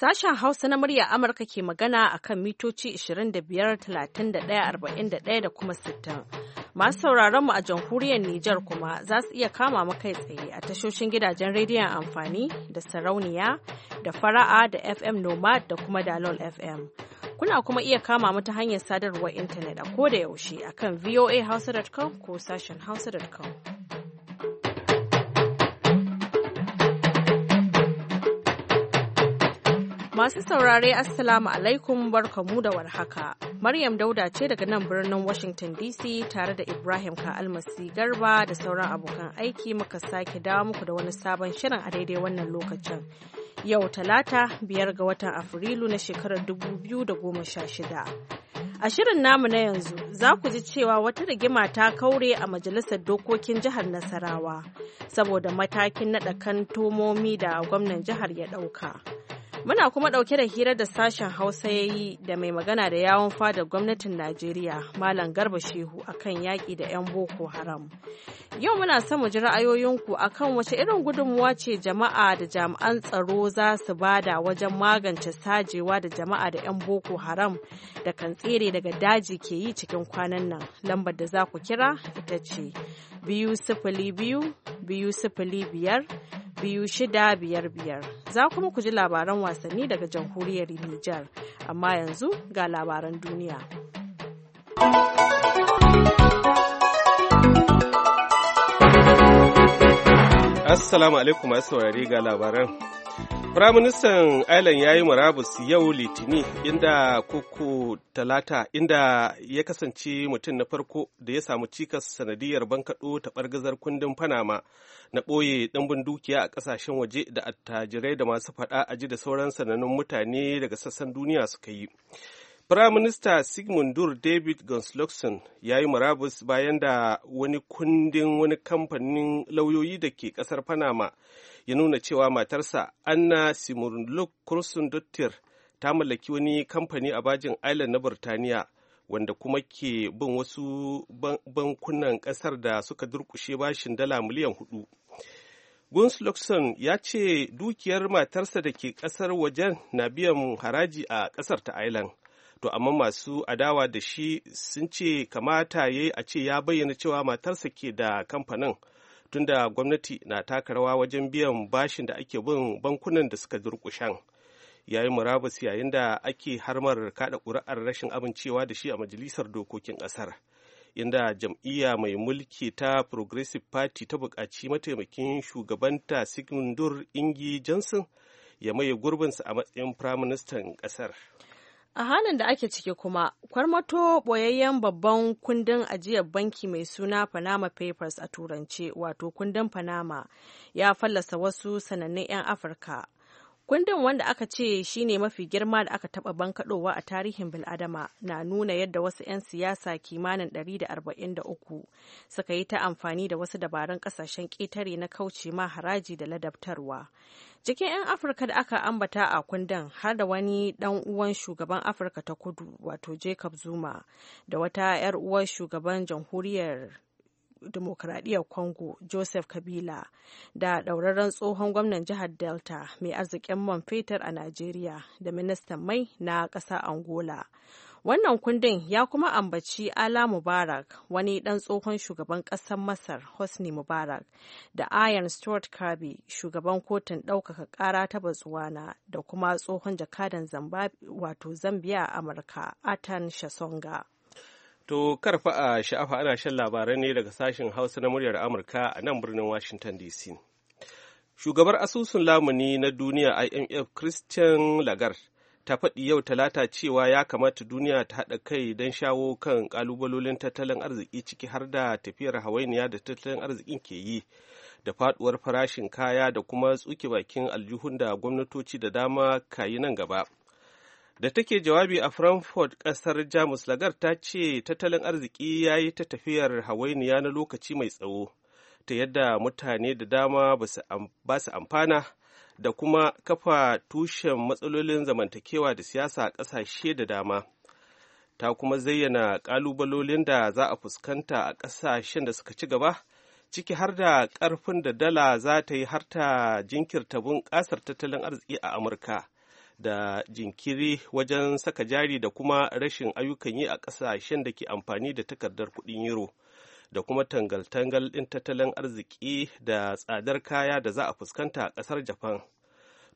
Sashen Hausa na murya Amurka ke magana a kan mitoci 25,31,41 da kuma 60. Masu sauraron mu a jamhuriyar Nijar kuma za su iya kama mu tsaye a tashoshin gidajen rediyon amfani da sarauniya da fara'a da FM Nomad da kuma Dalol FM. Kuna kuma iya kama mu ta hanyar sadarwar intanet a koda yaushe a kan voahausa.com ko sashen hausa.com. Masu saurare Assalamu alaikum barkamu da warhaka. Maryam Dauda ce daga nan birnin Washington DC tare da Ibrahim Ka'almasi Garba da sauran abokan aiki muka sake dawo muku da wani sabon shirin a daidai wannan lokacin. Yau talata biyar ga watan Afrilu na shekarar 2016. A shirin namu na yanzu za ku ji cewa wata rigima ta kaure a Majalisar Dokokin Jihar Nasarawa saboda matakin naɗa kan tomomi da gwamnan jihar ya ɗauka. Muna kuma ɗauke da hirar da sashen Hausa ya yi da mai magana da yawon fada gwamnatin Najeriya, Malam Garba Shehu, akan yaƙi da 'yan Boko Haram. Yau muna son mu ji ra'ayoyinku akan wace irin gudunmuwa ce jama'a da jami'an tsaro za su bada wajen magance sajewa da jama'a da 'yan Boko Haram da kan tsere daga daji ke yi cikin kwanan nan. Lambar da za ku kira ita ce biyu sifili biyu biyu sifili biyar biyu shida biyar biyar. Za kuma ku ji labaran wasanni daga jamhuriyar Nijar. Amma yanzu ga labaran duniya. Assalamu alaikum masu saurari ga labaran. Firaministan Ireland ya yi murabus yau Litini inda kuku talata inda ya kasance mutum na farko da ya samu cikas sanadiyar bankaɗo ta ɓargazar kundin Panama na ɓoye ɗimbin dukiya a ƙasashen waje da attajirai da masu faɗa a ji da sauran sanannun mutane daga sassan duniya suka yi. Firaminista Sigmundur David Gunsluxon ya yi murabus bayan da wani kundin wani kamfanin lauyoyi da ke ƙasar Panama ya nuna cewa matarsa anna simurluk kursun dottir ta mallaki wani kamfani a bajin island na burtaniya wanda kuma ke bin wasu bankunan kasar da suka durkushe bashin dala miliyan hudu guns ya ce dukiyar matarsa da ke kasar wajen na biyan haraji a kasar ta island to amma masu adawa da shi sun ce kamata ya yi a ce ya bayyana cewa matarsa ke da kamfanin tunda gwamnati na taka rawa wajen biyan bashin da ake bin bankunan da suka durkushan yayin murabus yayin da ake harmar kada ƙuri'ar rashin amincewa da shi a majalisar dokokin ƙasar inda jam'iyya mai mulki ta progressive party ta buƙaci mataimakin shugabanta sigmundur ingi johnson ya maye gurbinsa a matsayin firaministan ƙasar A halin da ake ciki kuma, kwarmato boyayyen babban kundin ajiyar banki mai suna Panama Papers a Turance, wato kundin Panama, ya fallasa wasu sanannun 'yan Afirka Kundin wanda aka ce shi ne mafi girma da aka taɓa bankaɗowa a tarihin Biladama na nuna yadda wasu 'yan siyasa kimanin 143 suka yi ta amfani da wasu dabarun ƙasashen ƙetare na kauce ma haraji da ladabtarwa. Cikin 'yan Afirka da aka ambata a kundin har da wani ɗan uwan shugaban Afirka ta kudu wato Jacob Zuma da wata 'yar uwar shugaban jamhuriyar demokradiyyar congo joseph kabila da ɗauraren tsohon gwamnan jihar delta mai arzikin man fetur a najeriya da ministan mai na ƙasa angola wannan kundin ya kuma ambaci ala mubarak wani ɗan tsohon shugaban ƙasar masar hosni mubarak da Ayan stuart kirby shugaban kotun ɗaukaka ƙara ta botswana da kuma tsohon jakadan zambia a amurka atan shasonga To karfa a sha'afa ana shan labarai ne daga sashen Hausa na muryar Amurka a nan birnin Washington DC. Shugabar asusun lamuni na duniya IMF Christian Lagarde ta faɗi yau talata cewa ya kamata duniya ta haɗa kai don shawo kan ƙalubalolin tattalin arziki ciki har da tafiyar hawainiya da tattalin arzikin ke yi da faɗuwar farashin kaya da kuma tsuke bakin aljihun da gwamnatoci da dama ka yi nan gaba. da take jawabi a frankfurt kasar jamus lagar ta ce tattalin arziki ya yi ta tafiyar hawainiya na lokaci mai tsawo ta yadda mutane da dama ba su amfana da kuma kafa tushen matsalolin zamantakewa da siyasa a ƙasashe da dama ta kuma zayyana ƙalubalolin da za a fuskanta a ƙasashen da suka ci gaba ciki har da ƙarfin da dala za ta yi harta jinkirta bunƙasar tattalin arziki a amurka da jinkiri wajen saka jari da kuma rashin ayyukan yi a ƙasashen da ke amfani da takardar kuɗin euro da kuma tangal-tangal ɗin tattalin arziki da tsadar kaya da za a fuskanta a ƙasar japan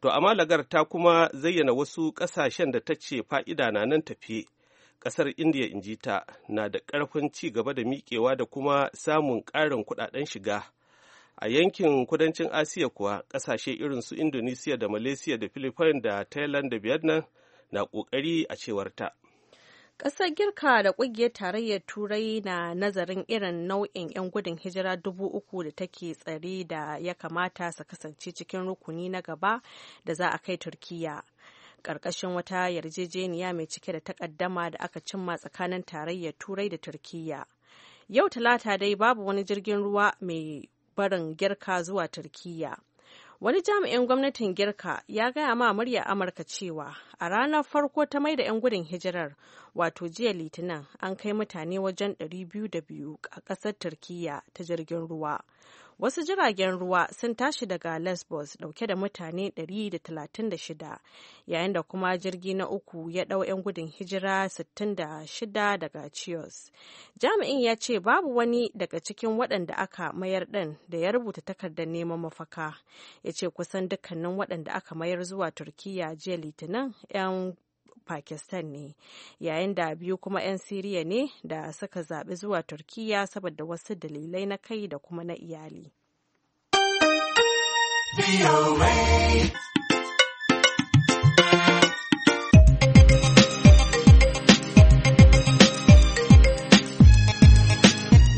to amma lagar ta kuma zayyana wasu ƙasashen da ta ce fa'ida na nan tafi ƙasar indiya ta, na da ƙarfin ci gaba da miƙewa da kuma samun ƙarin kuɗaɗen shiga a yankin kudancin asiya kuwa kasashe irin su indonesia da malaysia da philippines da thailand da vietnam na kokari a cewar ta Ƙasar Girka da ƙungiyar tarayyar Turai na nazarin irin nau'in 'yan gudun hijira dubu uku da take tsare da ya kamata su kasance cikin rukuni na gaba da za a kai Turkiyya. Ƙarƙashin wata yarjejeniya mai cike da takaddama da aka cimma tsakanin tarayyar Turai da Turkiyya. Yau Talata dai babu wani jirgin ruwa mai barin girka zuwa turkiyya wani jami'in gwamnatin girka ya gaya ma murya amurka cewa a ranar farko ta mai da 'yan gudun hijirar wato jiya litinin an kai mutane wajen 202 a ƙasar turkiyya ta jirgin ruwa Wasu jiragen ruwa sun tashi daga Lesbos dauke da mutane 136 yayin da kuma jirgi na uku ya dau 'yan gudun hijira 66 daga Chios. Jami'in ya ce babu wani daga cikin waɗanda aka mayar ɗin da ya rubuta takardar neman mafaka. Ya ce kusan dukkanin waɗanda aka mayar zuwa turkiya jiya Litinin 'yan pakistan ne yayin da biyu kuma 'yan siriya ne da suka zaɓi zuwa turkiyya saboda wasu dalilai na kai da kuma na iyali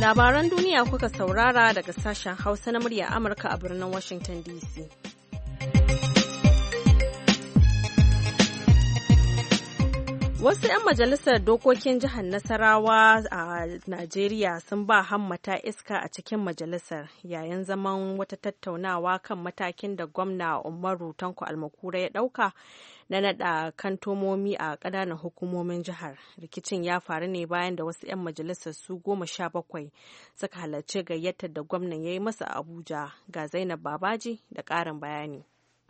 Labaran duniya kuka saurara daga sashen Hausa na murya Amurka a birnin Washington DC. Wasu 'yan majalisar dokokin jihar Nasarawa a Najeriya sun ba hammata iska a cikin majalisar yayin zaman wata tattaunawa kan matakin da gwamna Umaru Tanko Almakura ya ɗauka na naɗa kantomomi a ƙananan hukumomin jihar. Rikicin ya faru ne bayan da wasu 'yan majalisar su goma sha bakwai suka halarci gayyatar da gwamnan ya yi masa Abuja ga Zainab Babaji da ƙarin bayani.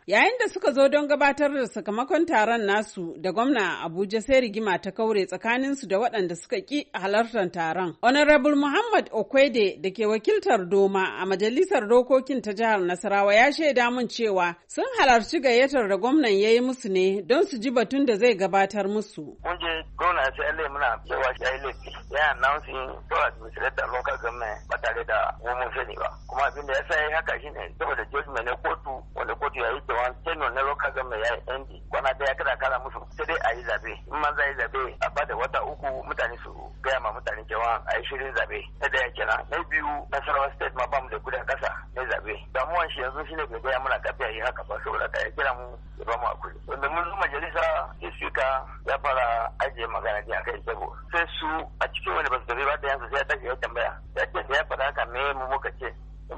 Yayin da suka zo don gabatar da sakamakon taron nasu da gwamna Abuja sai rigima ta kaure tsakaninsu da waɗanda suka ki halartar taron. Honorable Muhammad Okwede da ke wakiltar Doma a Majalisar Dokokin ta Jihar Nasarawa ya shaida mun cewa sun halarci gayyatar da gwamnan ya yi musu ne don su ji batun da zai gabatar musu. Mun je gwamna sai Allah muna cewa shi ai laifi ya announcing to administrate da local government ba tare da mu mun ba. Kuma abin da ya sa haka shi ne saboda judgment na kotu wanda kotu ya yi da wani tenor na local government ya yi kwana daya kada kara musu sai dai a yi zabe in man za yi zabe a bada wata uku mutane su gaya ma mutane cewa a yi shirin zabe na daya kenan na biyu nasarawa state ma bamu da a kasa na zabe damuwan shi yanzu shine bai gaya mana a yi haka ba saboda ka kira mu ya a hakuri wanda mun zo majalisa ke sika ya fara ajiye magana ne akan jabo sai su a cikin wani ba su tafi ba da yanzu sai ya tashi ya tambaya ya ce ya faɗa haka me mu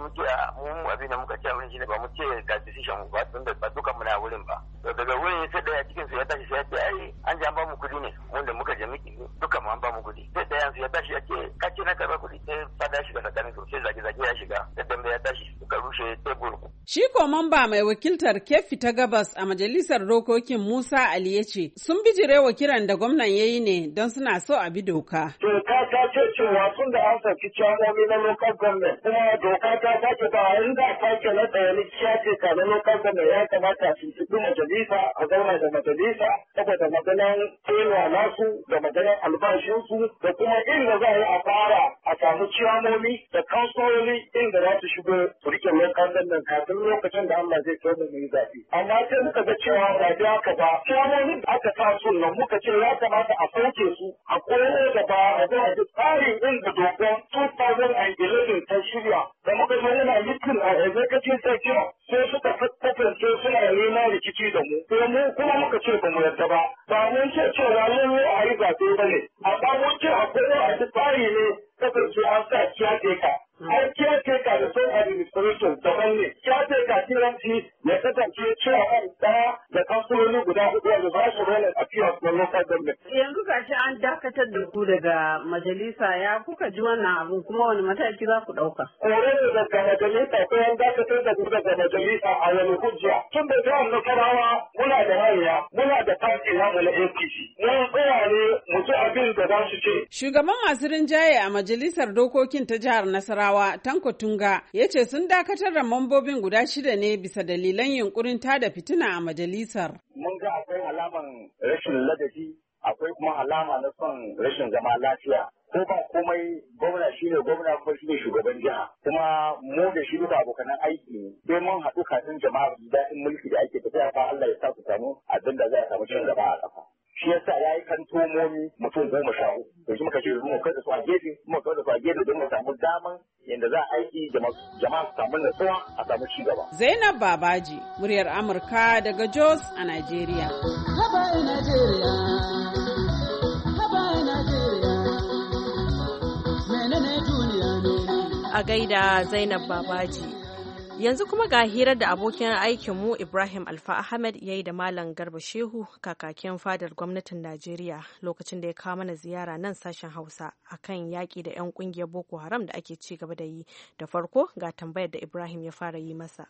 muke a mu abin da muka ci abin shine ba mu ce ga decision ba da ba duka muna wurin ba daga wurin sai daya cikin su ya tashi sai ya ce ai an ji mu kudi ne wanda muka je miki Shi ko mamba mai wakiltar Keffi ta Gabas a Majalisar Dokokin Musa Ali ya ce, sun wa kiran da gwamnan ya yi ne don suna so a bi doka. Doka ta ce cewa sun da an saki ciyamomi na local government kuma doka ta sake ba in da sake na tsayani ciya ce ka na local government ya kamata su tuɗi majalisa a zauna da majalisa saboda maganan tsewa nasu da maganan albashinsu da kuma inda za a yi a fara a samu ciyamomi da kansoroli inda za su shigo su rike local government kafin duk lokacin da Allah zai kai mu yi zafi amma sai muka ga cewa ba da haka ba kyamomin da aka sa sun nan muka ce ya kamata a sauke su a koyo da ba a ga a tsarin inda dogon 2011 ta shirya da muka zo yana tun a executive ce sai suka kasance suna neman rikici da mu ko mu kuma muka ce ba mu yarda ba ba mun ce cewa lallai a yi zaɓe ba ne amma mun ce a koyo a tsari ne kasance an sa ciya ka ai caretaker da sole administration daban ne caretaker kiranci ya kasance cewa daya da kamfanoni guda hudu wanda za su rana a fiya na local government. yanzu shi an dakatar da ku daga majalisa ya kuka ji wannan abin kuma wani mataki za ku ɗauka. kore ne daga majalisa ko an dakatar da ku daga majalisa a wani hujja tun da jihar nasarawa muna da rayuwa muna da fati na na apc mun tsaya ne mu ji abin da za su ce. shugaban masu rinjaye a majalisar dokokin ta jihar nasarawa Jigawa Tanko Tunga ya ce sun dakatar da mambobin guda shida ne bisa dalilan yunkurin da fitina a majalisar. Mun ga akwai alaman rashin ladabi, akwai kuma alama na son rashin zama lafiya. ko ba komai gwamna shi ne gwamna kuma shi ne shugaban jiha kuma mu da shi duka abokanan aiki ne sai mun haɗu kafin jama'a da daɗin mulki da ake tafiya ba Allah ya sa su samu abin da za a samu cin gaba a ƙasa shi yasa ya yi kan kantomomi mutum goma sha uku to shi muka ce mu kada su a gefe mu kada su a gefe don mu samu daman yadda za a aiki jama'a su samu natsuwa a samu ci gaba Zainab Babaji muryar Amurka daga Jos a Najeriya Haba Najeriya Haba Najeriya menene duniya ne a gaida Zainab Babaji Yanzu kuma ga hirar da abokin aikinmu Ibrahim Alfa Ahmed ya yi da Malam Garba Shehu kakakin fadar gwamnatin Najeriya lokacin da ya kawo mana ziyara nan sashen Hausa akan yaƙi da 'yan ƙungiyar Boko Haram da ake ci gaba da yi. Da farko ga tambayar da Ibrahim ya fara yi masa.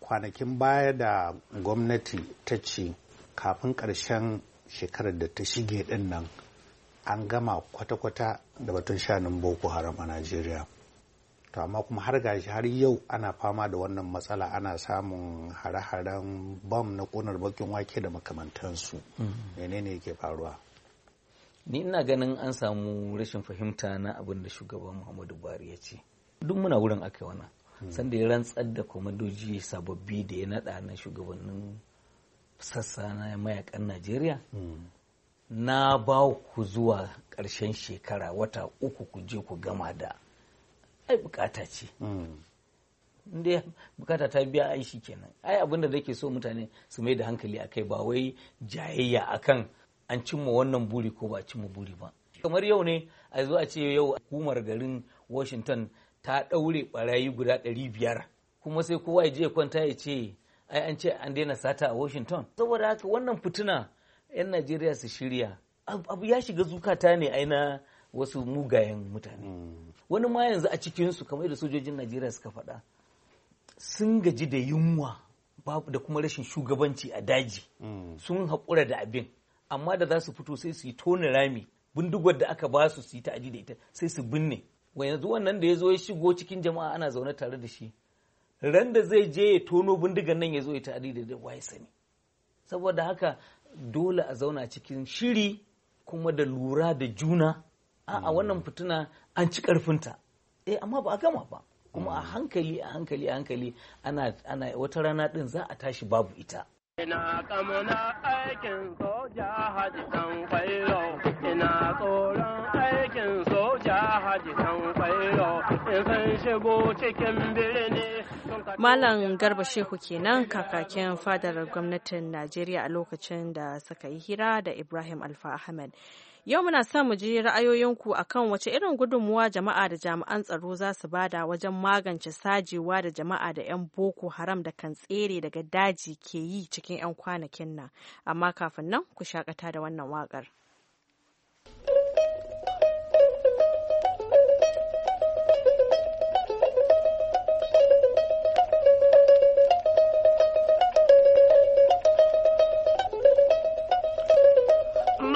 Kwanakin baya da gwamnati ta ce kafin karshen shekarar da ta shige din nan an gama kwata-kwata da batun shanun Boko Haram a Najeriya. to amma kuma har gashi har yau ana fama da wannan matsala ana samun hare-haren bam na ƙunar bakin wake da makamantansu mm-hmm. menene yake faruwa ni ina ganin an samu rashin fahimta na abin da shugaban muhammadu buhari ya ce duk muna wurin aka wannan hmm. sanda ya rantsar da kwamandoji sababbi da ya naɗa na shugabannin sassa na mayakan najeriya hmm. na ba ku zuwa ƙarshen shekara wata uku ku je ku gama da ai bukata ce hmm. inda bukata ta biya ai shi kenan ai abinda da ke so mutane su mai da hankali a kai ba wai jayayya akan an cimma wannan buri ko ba cimma buri ba kamar yau ne a zo a ce yau hukumar garin washington ta ɗaure barayi guda ɗari biyar kuma sai kowa ya je kwanta ya ce ai an ce an daina sata a washington saboda haka wannan fituna 'yan najeriya su shirya abu ya shiga zukata ne aina wasu mugayen mutane hmm. wani ma yanzu a cikinsu kamar da sojojin najeriya suka faɗa sun gaji da yunwa babu da kuma rashin shugabanci a daji mm. sun haƙura da abin amma da za su fito sai su yi tona rami bindigar da aka ba su su yi ta'aji da ita sai su binne wa yanzu wannan da ya zo ya shigo cikin jama'a ana zaune tare da shi ran da zai je ya tono bindigar nan ya zo ya ta'aji da waye sani saboda haka dole a zauna cikin shiri kuma da lura da juna a'a wannan fituna an ci karfinta eh amma ba a gama ba kuma a hankali a hankali a hankali ana ana wata rana din za a tashi babu ita ina kamuna aikin soja haji dan kwairo ina tsoron aikin soja haji dan kwairo in san shigo cikin birni Malam Garba Shehu kenan kakakin fadar gwamnatin Najeriya a lokacin da suka yi hira da Ibrahim Alfa Ahmed. Yau muna sa mu ji ra'ayoyinku a kan wace irin gudunmuwa jama'a da jami'an tsaro za su bada wajen magance sajewa da jama'a da 'yan boko haram da kan tsere daga daji ke yi cikin 'yan kwanakin nan. Amma kafin nan ku shakata da wannan waƙar.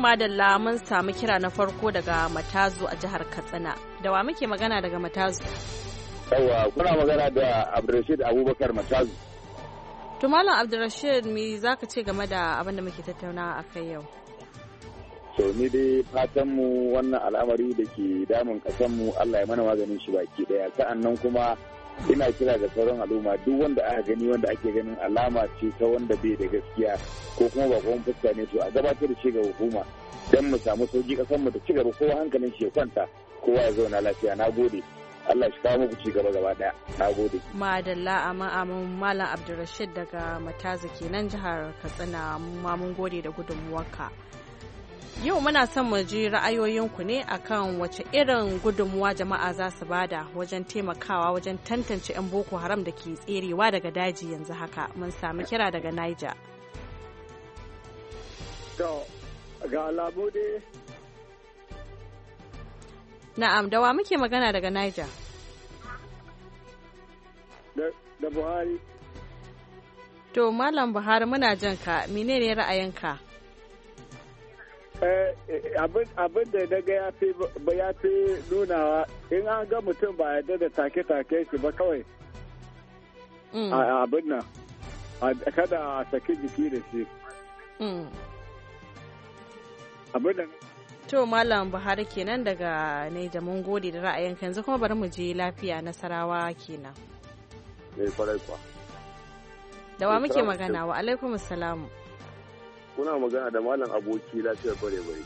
madalla mun samu kira na farko daga matazu a jihar katsina da wa muke magana daga matazu yawa kuna magana da abdurrashid abubakar matazu to malam abdulrashid me zaka ce game da abin da muke tattauna a kai yau to ni dai fatanmu wannan al'amari da ke damun kasanmu Allah ya mana maganin shi baki daya sa'annan kuma ina kira ga sauran al'umma duk wanda aka gani wanda ake ganin alama ce ta wanda bai da gaskiya ko kuma ba kuma fuska ne to a gabatar da shi ga hukuma don mu samu sauki kasan mu da ci gaba kowa hankalin shi ya kwanta kowa ya zauna lafiya na gode Allah shi kawo muku ci gaba gaba daya na gode madalla a amin malam abdulrashid daga mataza kenan jihar katsina ma mun gode da gudunmuwarka Yau muna son mu ji ra'ayoyinku ne akan wace irin gudunmuwa jama'a za su bada wajen taimakawa wajen tantance 'yan boko haram da ke tserewa daga daji yanzu haka mun sami kira daga Niger. na'am ga alamu dai. Na'am, dawa muke magana daga Niger. Da Buhari. To, Malam Buhari muna jan ka, menene ra'ayinka? Eh, abin da daga ya fi nunawa in an ga mutum ba yadda da take-take shi ba kawai mm. abin nan kada a saki jiki da shi mm. abin nan to malam buhari kenan daga naija mun gode da ra'ayin yanzu kuma bari mu je lafiya nasarawa kenan eh, da wa muke magana wa alaikum salamu kuna magana da malam aboki lafiyar bare bare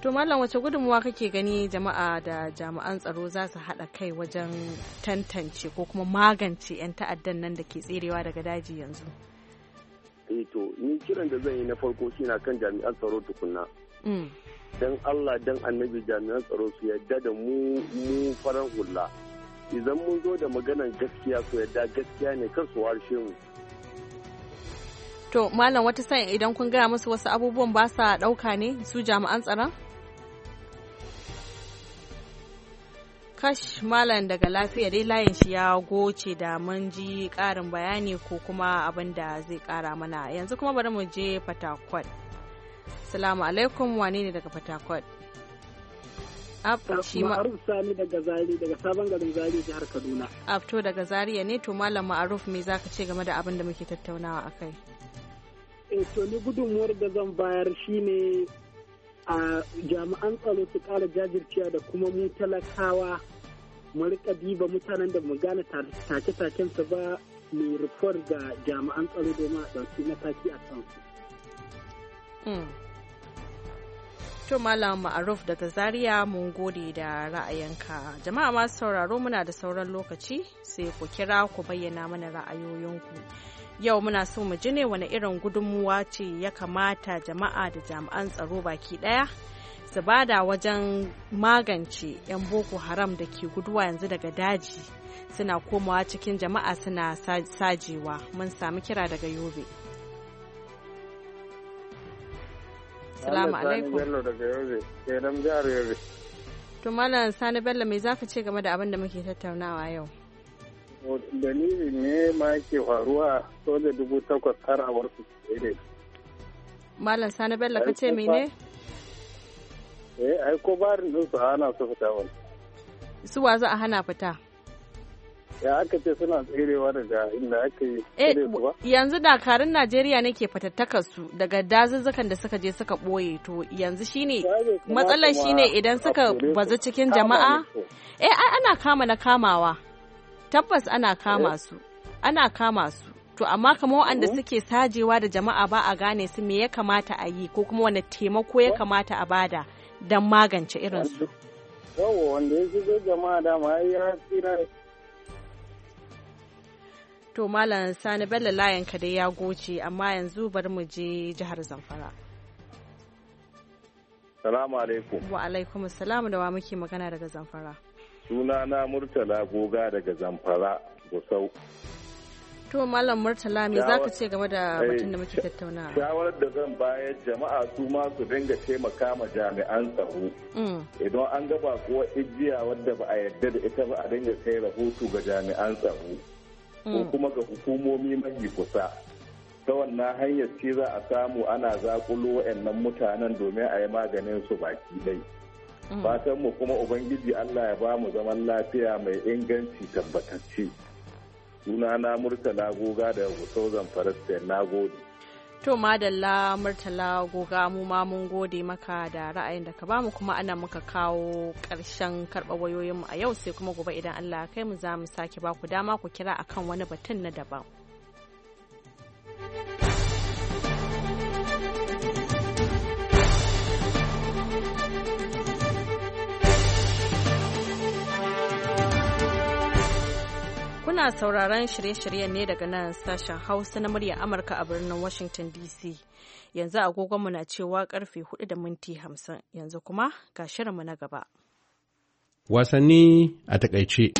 to malam wace gudunmuwa kake gani jama'a da jami'an tsaro za su haɗa kai wajen tantance ko kuma magance 'yan ta'addan nan da ke tserewa daga daji yanzu eh to ni kiran da zan yi na farko shi na kan jami'an tsaro tukuna. Mm. dan Allah dan annabi jami'an tsaro su yadda da mu mu farar hula idan mun zo da maganar gaskiya su yadda gaskiya ne kan su warshe mu to malam wata sai idan kun gaya musu wasu abubuwan ba sa ɗauka ne su jami'an tsaron kash malam daga lafiya dai layin shi ya goce da mun ji karin bayani ko kuma abin da zai kara mana yanzu kuma bari mu je fatakwal salamu alaikum wane ne daga fatakwal Ma'aruf Sani daga Zari daga sabon garin Zari jihar Kaduna. Abto daga Zariya ne to Malam Ma'aruf me zaka ce game da abin da muke tattaunawa a kai. Eh, to ni gudunmuwar da zan bayar shine a jami'an tsaro su ƙara jajircewa da kuma mu talakawa mu rika diba mutanen da mu gane take-taken su ba mai rufar ga jami'an tsaro domin a ɗauki mataki a kan su. Hmm. To Malam Ma'aruf daga Zaria mun gode da ra'ayinka. Jama'a masu sauraro muna da sauran lokaci sai ku kira ku bayyana mana ra'ayoyinku. yau muna so mu ji ne wani irin gudunmuwa ce ya kamata jama'a da jami'an tsaro baki daya su bada wajen magance 'yan boko haram da ke guduwa yanzu daga daji suna komawa cikin jama'a suna sajewa mun sami kira daga yobe salamu alaikum tumalan sani bello me zaka ce game da abin da muke tattaunawa yau dalili ne ma yake faruwa so da dubu takwas har a warsu tsere. Malam Sani Bello ka ce mene? Eh, ai ko barin din su hana su fita wani. Su wa za a hana fita? Ya aka ce suna tserewa daga inda aka yi eh, tsere eh, yanzu dakarun Najeriya ne ke fatattakar su daga dazuzzukan da suka je suka ɓoye to yanzu shine matsalar shine idan suka bazu cikin jama'a eh ana kama na kamawa tabbas ana kama su ana kama su to amma kama waɗanda suke sajewa da jama'a ba a gane su me ya kamata a yi ko kuma wani taimako ya kamata a bada don magance irin su wanda ya shigo jama'a ya tsira to malam sani bello layan ka dai ya goce amma yanzu bar mu je jihar zamfara salamu alaikum wa alaikum salamu da wa muke magana daga zamfara na murtala goga daga zamfara gusau to malam murtala me za ka ce game da batun da muke tattauna shawarar da zan bayar jama'a su ma su dinga taimaka ma jami'an tsaro mm. idan an gaba kuwa ijiya wadda ba a yarda da ita ba a dinga kai rahoto ga jami'an tsaro ko mm. kuma ga hukumomi mafi kusa ta wannan hanyar ce za a samu ana zakulo waɗannan mutanen domin a yi maganin su baki dai. Mm. fatan mu kuma ubangiji Allah ya ba mu zaman lafiya mai inganci tabbatacce suna na murtala goga da sauzan falastin na gode to madalla murtala goga mu ma mun gode maka da ra'ayin da ka ba mu kuma ana muka kawo karshen karɓa wayoyinmu a yau sai kuma gobe idan Allah kai mu za mu sake ku dama ku kira akan wani batun na daban Kuna sauraron shirye-shiryen ne daga nan sashen Hausa na murya Amurka a birnin Washington DC. Yanzu agogonmu na cewa karfe 4 da minti 50 yanzu kuma ga shirinmu na gaba. Wasanni a takaice.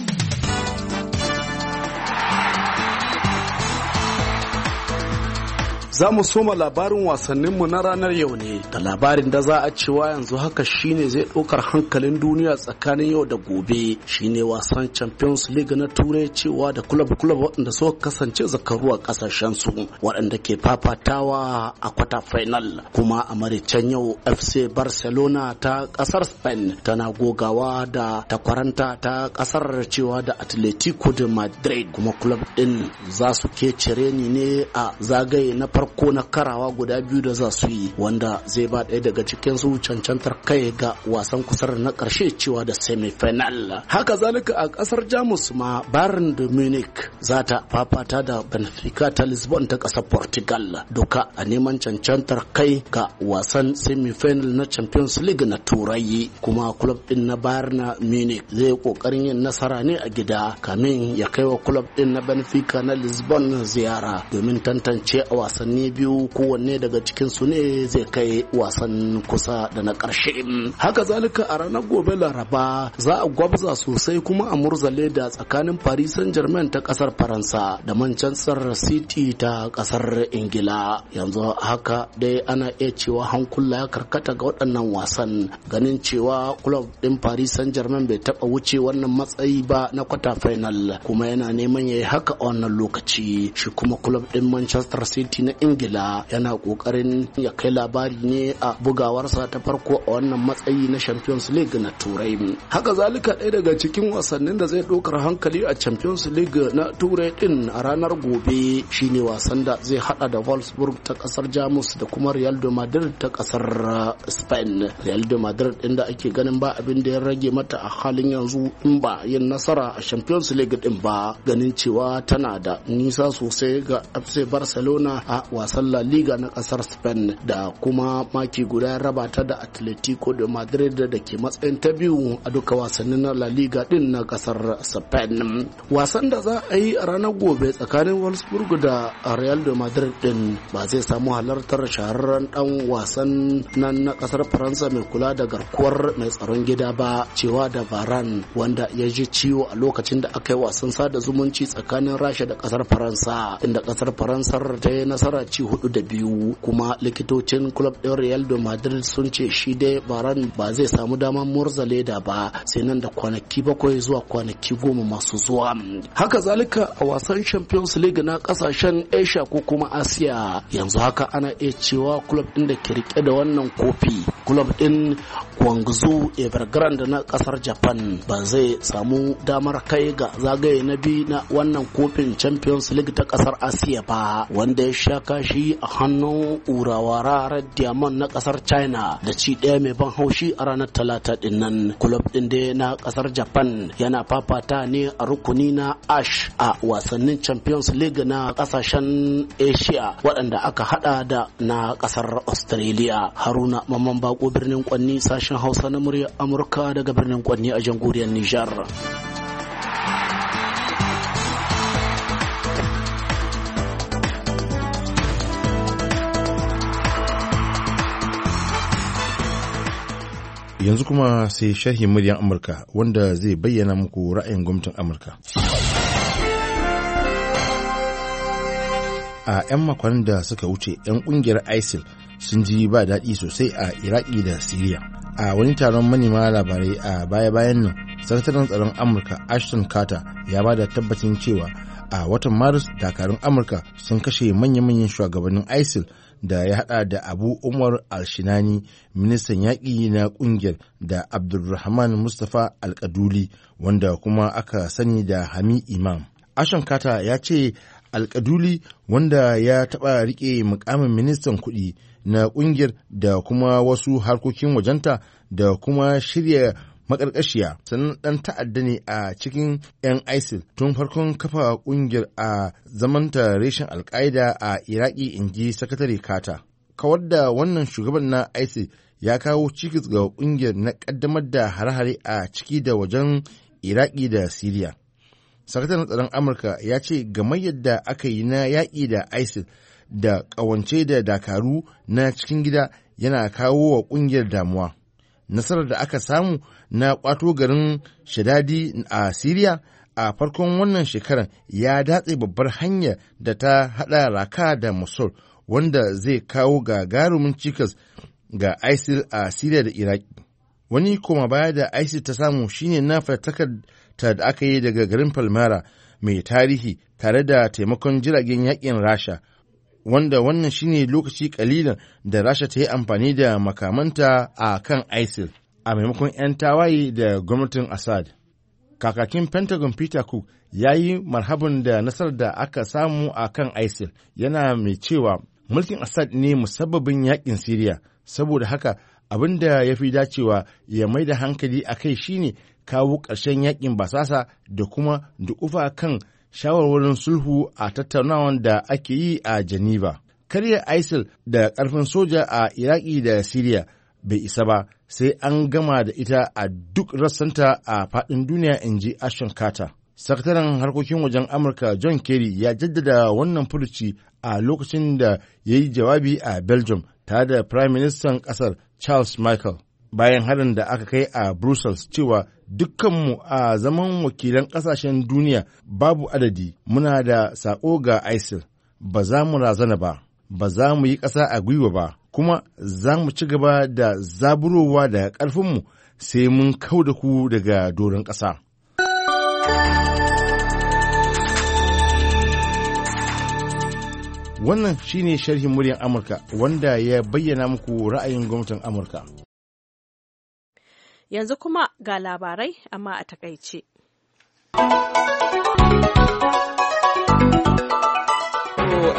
za mu soma labarin wasanninmu na ranar yau ne da labarin da za a cewa yanzu haka shine zai ɗaukar hankalin duniya tsakanin yau da gobe shine wasan champions league na turai cewa da kulab kulab waɗanda suka kasance zakaruwa ƙasashen su waɗanda ke fafatawa a kwata final kuma a maricen yau fc barcelona ta ƙasar spain tana gogawa da takwaranta ta ƙasar cewa da atletico de madrid kuma kulab ɗin za su ke cire ni ne a zagaye na farko Ko na karawa guda biyu da za su yi wanda zai ba ɗaya daga cikin su cancantar kai ga wasan kusar na ƙarshe cewa da semifinal haka zalika a ƙasar jamus ma Bayern de munich za ta fafata da benfica ta lisbon ta ƙasar portugal duka a neman cancantar kai ga wasan semifinal na champions league na turai kuma club ɗin na bayern munich zai ƙoƙarin yin nasara ne a gida kamin ya kai wa club ɗin na benfica na lisbon ziyara domin tantance a wasanni wasanni biyu kowanne daga cikin su ne zai kai wasan kusa da na ƙarshe haka zalika a ranar gobe laraba za a gwabza sosai kuma a murzale da tsakanin paris saint germain ta ƙasar faransa da manchester city ta ƙasar ingila yanzu haka dai ana iya cewa hankula ya karkata ga waɗannan wasan ganin cewa club ɗin paris saint germain bai taɓa wuce wannan matsayi ba na kwata final kuma yana neman ya yi haka a wannan lokaci shi kuma club ɗin manchester city na ingila yana kokarin ya kai labari ne a bugawarsa ta farko a wannan matsayi na champions league na turai haka zalika ɗaya daga cikin wasannin da zai ɗaukar hankali a champions league na turai din a ranar gobe shine wasan da zai hada da wolfsburg ta kasar jamus da kuma real de madrid ta kasar uh, spain real de madrid din da ake ganin ba abin da ya rage mata a halin yanzu in ba yin nasara a champions league din ba ganin cewa tana da nisa sosai ga fc barcelona wasan La Liga na kasar Spain da kuma maki guda raba ta da Atletico de Madrid da ke matsayin ta biyu a duka wasannin na La Liga din na kasar Spain. Wasan da za a yi ranar gobe tsakanin Wolfsburg da Real de Madrid din ba zai samu halartar shahararren dan wasan nan na kasar Faransa mai kula da garkuwar mai tsaron gida ba cewa da Varane wanda ya ji ciwo a lokacin da aka yi wasan sada zumunci tsakanin Rasha da kasar Faransa inda kasar Faransar ta yi nasara ci hudu da biyu kuma likitocin club din real de madrid sun ce shi dai baran ba zai samu damar murza leda ba sai nan da kwanaki bakwai zuwa kwanaki goma masu zuwa haka zalika a wasan champions league na kasashen asia ko kuma asia yanzu haka ana iya cewa club din da ke rike da wannan kofi club din kwangzu evergrande na kasar japan ba zai samu damar kai ga zagaye na biyu na wannan kofin champions league ta kasar asia ba wanda ya sha kashi a hannun urawa diamond na kasar china da ci ɗaya mai ban haushi a ranar talata din nan kulob din dai na kasar japan yana fafata ne a rukuni na ash a wasannin champions league na kasashen asia waɗanda aka hada da na kasar australia haruna mamman bako birnin kwanni sashen hausa na murya amurka daga birnin kwanni a jamhuriyar nijar Yanzu kuma sai sharhin muryar Amurka wanda zai bayyana muku ra'ayin gwamnatin Amurka. A 'yan makon da suka wuce 'yan kungiyar ISIL sun ji ba daɗi sosai a Iraki da Siriya. A wani taron manema labarai a baya-bayan nan, sakataren tsaron Amurka Ashton Carter ya ba da tabbacin cewa a watan Maris dakarun Amurka sun kashe manya-manyan shugabannin ISIL da ya hada da abu umar alshinani ministan yaƙi na ƙungiyar da abdulrahman mustapha alkaduli wanda kuma aka sani da hami imam ashon kata ya ce alkaduli wanda ya taɓa riƙe mukamin ministan kuɗi na ƙungiyar da kuma wasu harkokin wajenta da kuma shirya makarkashiya sannan ɗan ta'adda ne a cikin 'yan isil tun farkon kafa ƙungiyar a zamanta reshen alƙaida a iraki inji sakatare kata kawar da wannan shugaban na isil ya kawo cikas ga ƙungiyar na ƙaddamar da hare-hare a ciki da wajen iraki da siriya sakataren tsaron amurka ya ce gamayyar yadda aka yi na yaƙi da isil da ƙawance da dakaru na cikin gida yana kawo wa ƙungiyar damuwa nasarar da aka samu na kwato garin shadadi a siriya a farkon wannan shekarar ya datse babbar hanyar da ta hada raka da mosul wanda zai kawo gagarumin cikas ga isil a siriya da iraki wani koma baya da isil ta samu shine na fatakar ta da aka yi daga garin palmyra mai tarihi tare da taimakon jiragen yakin rasha wanda wannan shine lokaci kalilan da rasha ta yi amfani da makamanta a kan isil a maimakon 'yan tawaye da gwamnatin assad kakakin pentagon peter cook ya yi marhabin da nasarar da aka samu a kan isil yana mai cewa mulkin assad ne musabbabin yakin syria saboda haka abin da ya fi dacewa ya mai da hankali a kai shine kawo ƙarshen yakin basasa da kuma dukufa kan shawarwarin sulhu a tattaunawan da ake yi a Geneva. Karya ISIL da ƙarfin soja a Iraki da Siriya bai isa ba sai an gama da ita a duk rassanta a faɗin duniya in ji Ashton Carter. Sakataren harkokin wajen Amurka John Kerry ya jaddada wannan furuci a lokacin da ya yi jawabi a Belgium tare da Prime Ministan ƙasar Charles Michael bayan harin da aka kai a Brussels cewa dukkanmu a zaman wakilan ƙasashen duniya babu adadi muna da saƙo ga isil ba za mu razana ba ba za mu yi ƙasa a gwiwa ba kuma za mu ci gaba da zaburowa daga ƙarfinmu sai mun kau da ku daga doron ƙasa. Wannan shine sharhin muryar Amurka wanda ya bayyana muku ra'ayin gwamnatin Amurka. Yanzu kuma ga labarai amma a takaice.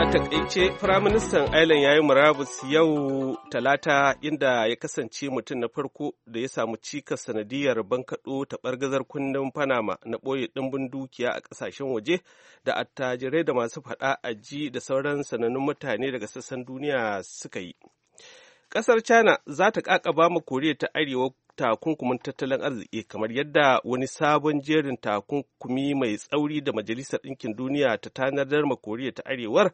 a takaice firaministan ailan ya yi murabus yau talata inda ya kasance mutum na farko da ya samu cikas sanadiyar bankaɗo taɓargazar kundin panama na ɓoye ɗimbin dukiya a ƙasashen waje da attajirai da masu faɗa a ji da sauran sanannun mutane daga sassan duniya suka yi ƙasar china za ta ƙaƙaba ma koriya ta arewa takunkumin tattalin arziki kamar yadda wani sabon jerin takunkumi mai tsauri da majalisar ɗinkin duniya ta tanadar ma koriya ta arewar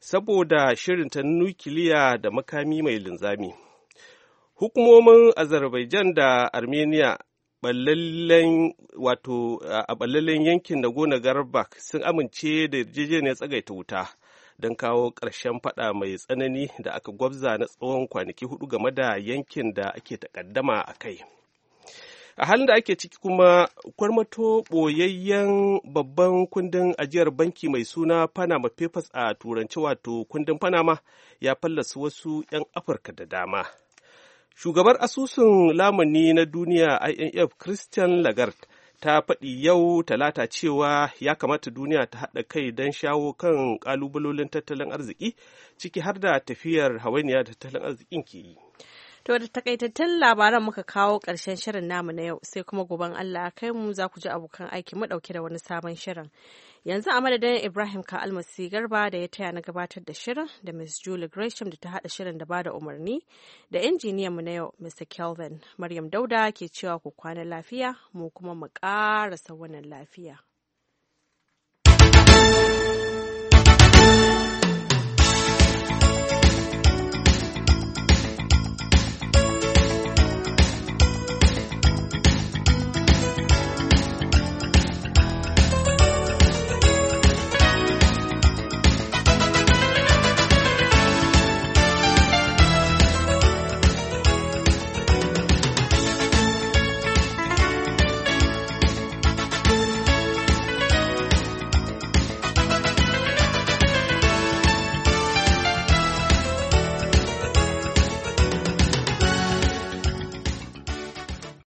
saboda shirin ta nukiliya da makami mai linzami hukumomin azerbaijan da armenia a ballallen yankin nagorno-karabakh sun amince da yarjejeniyar tsagaita wuta don kawo ƙarshen fada mai tsanani da aka gwabza na tsawon kwanaki hudu game da yankin da ake takaddama a kai a halin da ake ciki kuma kwarmato ɓoyayyen babban kundin ajiyar banki mai suna panama papers a turanci wato kundin panama ya fallasa wasu 'yan afirka da dama shugabar asusun lamuni na duniya INF christian lagarde ta faɗi yau talata cewa ya kamata duniya ta haɗa kai don shawo kan ƙalubalolin tattalin arziki ciki har da tafiyar hawainiya da tattalin arzikin ke yi. To da takaitattun labaran muka kawo ƙarshen shirin namu na yau sai kuma goben Allah kai mu za ku ji abokan aiki mu ɗauke da wani sabon shirin. Yanzu a madadin Ibrahim ka almasi garba da ya taya na gabatar da shirin da Ms Julie Gresham da ta haɗa shirin da bada umarni da injiniyan mu na yau Mr. Kelvin Maryam Dauda ke cewa ku kwana lafiya mu kuma mu ƙarasa wannan lafiya.